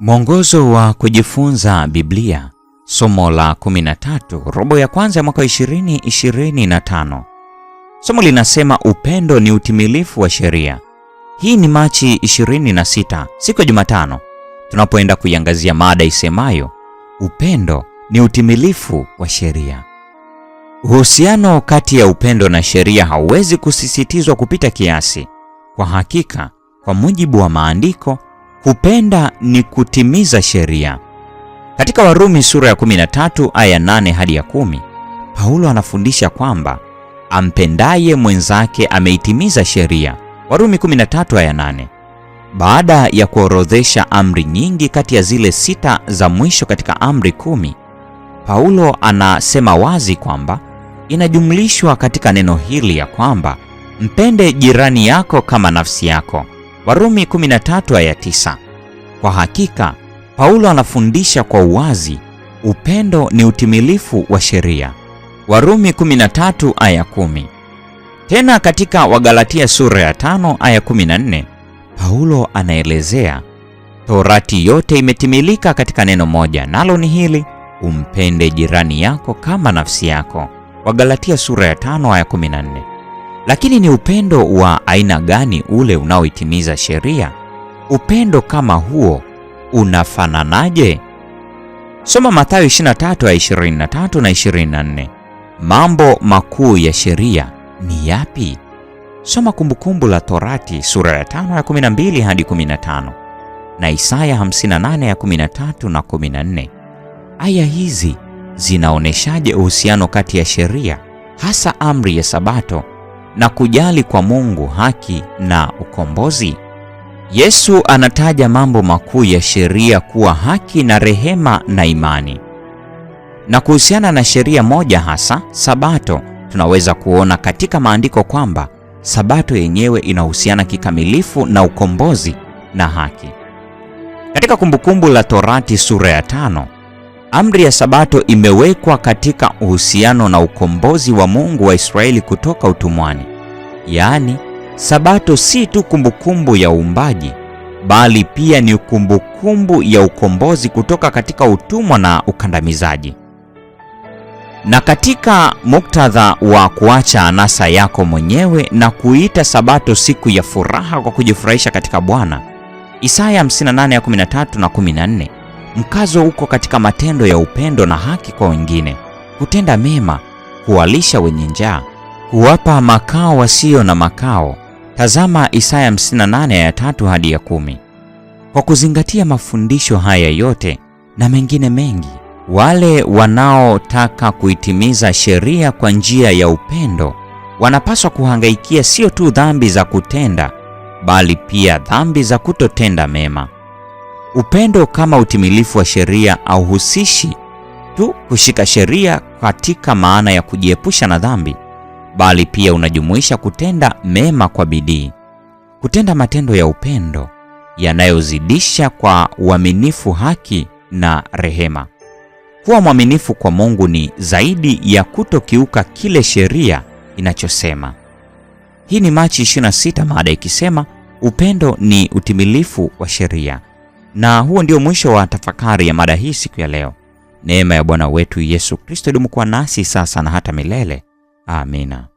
Mwongozo wa kujifunza Biblia, somo la 13, robo ya kwanza ya mwaka 2025. Somo linasema upendo ni utimilifu wa sheria. Hii ni Machi 26, siku ya Jumatano, tunapoenda kuiangazia mada isemayo upendo ni utimilifu wa sheria. Uhusiano kati ya upendo na sheria hauwezi kusisitizwa kupita kiasi. Kwa hakika, kwa mujibu wa maandiko kupenda ni kutimiza sheria. Katika Warumi sura ya 13 aya 8 hadi ya kumi, Paulo anafundisha kwamba ampendaye mwenzake ameitimiza sheria. Warumi 13 aya 8. Baada ya kuorodhesha amri nyingi kati ya zile sita za mwisho katika amri kumi, Paulo anasema wazi kwamba inajumlishwa katika neno hili ya kwamba mpende jirani yako kama nafsi yako. Warumi 13 aya 9. Kwa hakika Paulo anafundisha kwa uwazi, upendo ni utimilifu wa sheria. Warumi 13 aya 10. Tena katika Wagalatia sura ya 5 aya 14, Paulo anaelezea Torati yote imetimilika katika neno moja, nalo ni hili, umpende jirani yako kama nafsi yako. Wagalatia sura ya 5 aya 14. Lakini ni upendo wa aina gani ule unaoitimiza sheria? Upendo kama huo unafananaje? Soma Mathayo 23 na 24. Mambo makuu ya sheria ni yapi? Soma Kumbukumbu la Torati sura ya 5 ya 12 hadi 15 na Isaya 58 ya 13 na 14. Aya hizi zinaoneshaje uhusiano kati ya sheria, hasa amri ya Sabato na kujali kwa Mungu, haki na ukombozi? Yesu anataja mambo makuu ya sheria kuwa haki na rehema na imani. Na kuhusiana na sheria moja hasa, Sabato, tunaweza kuona katika maandiko kwamba Sabato yenyewe inahusiana kikamilifu na ukombozi na haki. Katika Kumbukumbu la Torati sura ya tano, amri ya Sabato imewekwa katika uhusiano na ukombozi wa Mungu wa Israeli kutoka utumwani. Yaani, Sabato si tu kumbukumbu ya uumbaji, bali pia ni kumbukumbu ya ukombozi kutoka katika utumwa na ukandamizaji. Na katika muktadha wa kuacha anasa yako mwenyewe na kuita Sabato siku ya furaha kwa kujifurahisha katika Bwana, Isaya 58:13 na 14, mkazo uko katika matendo ya upendo na haki kwa wengine, kutenda mema, kuwalisha wenye njaa kuwapa makao wasio na makao. Tazama Isaya 58 ya 3 hadi ya 10. Kwa kuzingatia mafundisho haya yote na mengine mengi, wale wanaotaka kuitimiza sheria kwa njia ya upendo wanapaswa kuhangaikia sio tu dhambi za kutenda, bali pia dhambi za kutotenda mema. Upendo kama utimilifu wa sheria hauhusishi tu kushika sheria katika maana ya kujiepusha na dhambi bali pia unajumuisha kutenda mema kwa bidii, kutenda matendo ya upendo yanayozidisha kwa uaminifu, haki na rehema. Kuwa mwaminifu kwa Mungu ni zaidi ya kutokiuka kile sheria inachosema. Hii ni Machi 26, mada ikisema upendo ni utimilifu wa sheria, na huo ndio mwisho wa tafakari ya mada hii siku ya leo. Neema ya Bwana wetu Yesu Kristo idumu kuwa nasi sasa na hata milele. Amina.